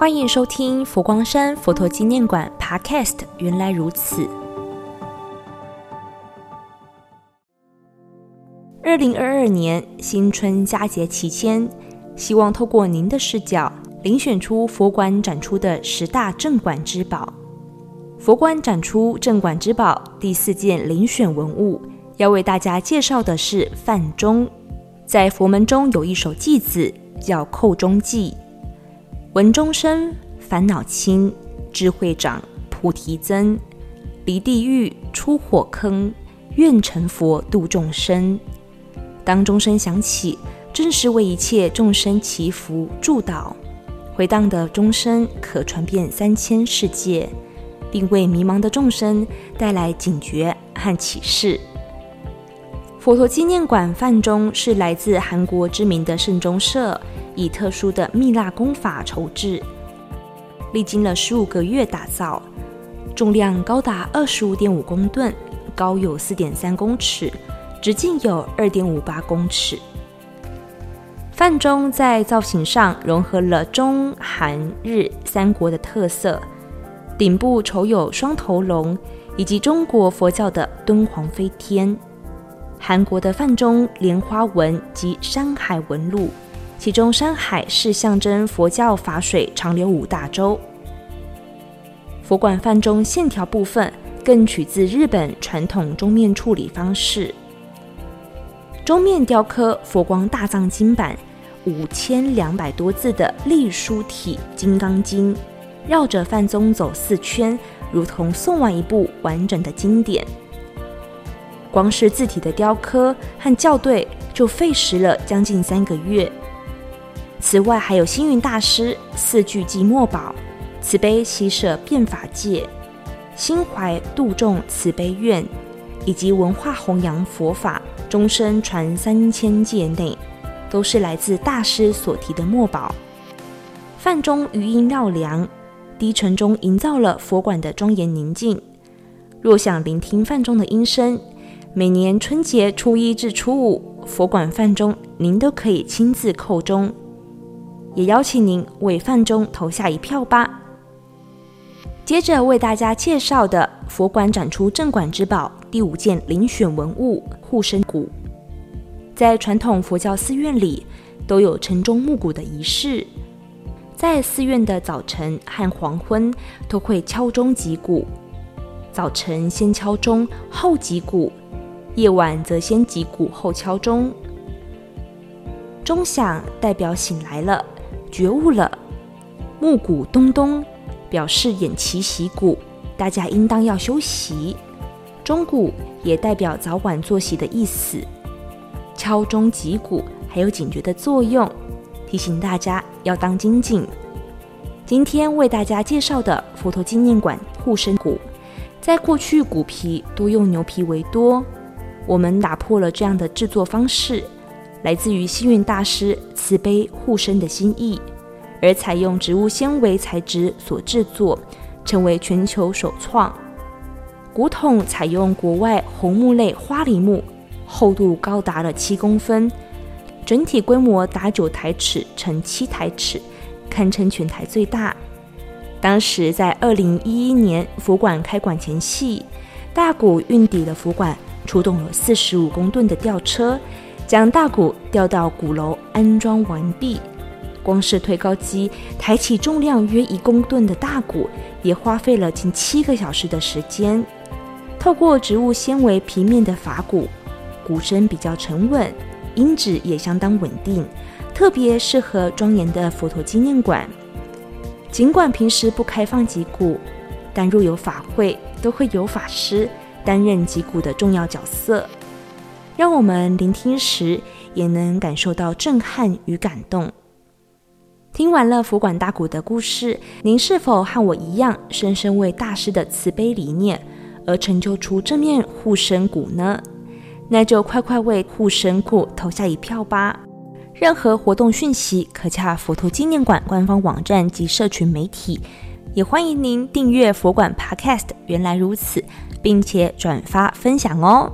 歡迎收聽佛光山佛陀紀念館 Podcast《原來如此》2022。二零二二年新春佳節期間，希望透過您的視角，遴選出佛館展出的十大鎮館之寶。佛館展出鎮館之寶第四件遴選文物，要為大家介紹的是梵鐘。在佛門中有一首偈子，叫叩鐘《叩鐘偈》。聞鐘聲，煩惱清，智慧長，菩提增，離地獄，出火坑，願成佛，度眾生。當鐘聲響起，正是為一切眾生祈福、祝禱。回盪的鐘聲可傳遍三千世界，並為迷茫的眾生帶來警覺和啟示。佛陀紀念館梵鐘是來自韓國知名的聖鐘社，以特殊的蜜蠟工法鑄製，歷經了十五個月打造，重量高達二十五點五公噸，高有四點三公尺，直徑有二點五八公尺。梵鐘在造型上融合了中、韓、日三國的特色，頂部鑄有雙頭龍，以及中國佛教的敦煌飛天。韓國的梵鐘蓮花紋及山海紋路，其中山海是象徵佛教法水長流五大洲。佛館梵鐘線條部分更取自日本傳統鐘面處理方式。鐘面雕刻佛光大藏經版，五千兩百多字的隸書體《金剛經》，繞着梵鐘走四圈，如同誦完一部完整的經典。光是字體的雕刻和校對就費時了將近三個月。此外，還有星雲大師四句偈墨寶“慈悲喜舍遍法界，心懷度眾慈悲願”，以及文化弘揚佛法，終身傳三千界內，都是來自大師所提的墨寶。梵鐘餘音繞梁，低沉中營造了佛館的莊嚴寧靜。若想聆聽梵鐘的音聲，每年春節初一至初五，佛館梵鐘您都可以親自叩鐘，也邀請您為梵鐘投下一票吧。接着為大家介紹的佛館展出鎮館之寶第五件遴選文物——護生鼓。在傳統佛教寺院裡，都有晨鐘暮鼓的儀式，在寺院的早晨和黃昏都會敲鐘擊鼓，早晨先敲鐘後擊鼓。夜晚則先擊鼓後敲鐘，鐘響代表醒來了，覺悟了；暮鼓咚咚，表示偃旗息鼓，大家應當要休息。鐘鼓也代表早晚作息的意思。敲鐘擊鼓還有警覺的作用，提醒大家要當精進。今天為大家介紹的佛陀紀念館護生鼓，在過去鼓皮多用牛皮為多。我們打破了這樣的制作方式，來自於星雲大師慈悲護生的心意，而採用植物纖維材質所制作，成為全球首創。鼓桶採用國外紅木類花梨木，厚度高達了七公分，整體規模達九台尺乘七台尺，堪稱全台最大。當時在二零一一年佛館開館前夕，大鼓運抵了佛館。出動了四十五公噸的吊車，將大鼓吊到鼓樓安裝完畢。光是推高機抬起重量約一公噸的大鼓，也花費了近七個小時的時間。透過植物纖維皮面的法鼓，鼓聲比較沉穩，音質也相當穩定，特別適合莊嚴的佛陀紀念館。儘管平時不開放擊鼓，但若有法會，都會有法師，擔任擊鼓的重要角色，讓我們聆聽時也能感受到震撼與感動。聽完了佛館大鼓的故事，您是否和我一樣深深為大師的慈悲理念而成就出這面護生鼓呢？那就快快為護生鼓投下一票吧！任何活動訊息可洽佛陀紀念館官方網站及社群媒體，也歡迎您訂閱佛館 Podcast。原來如此。並且轉發分享哦。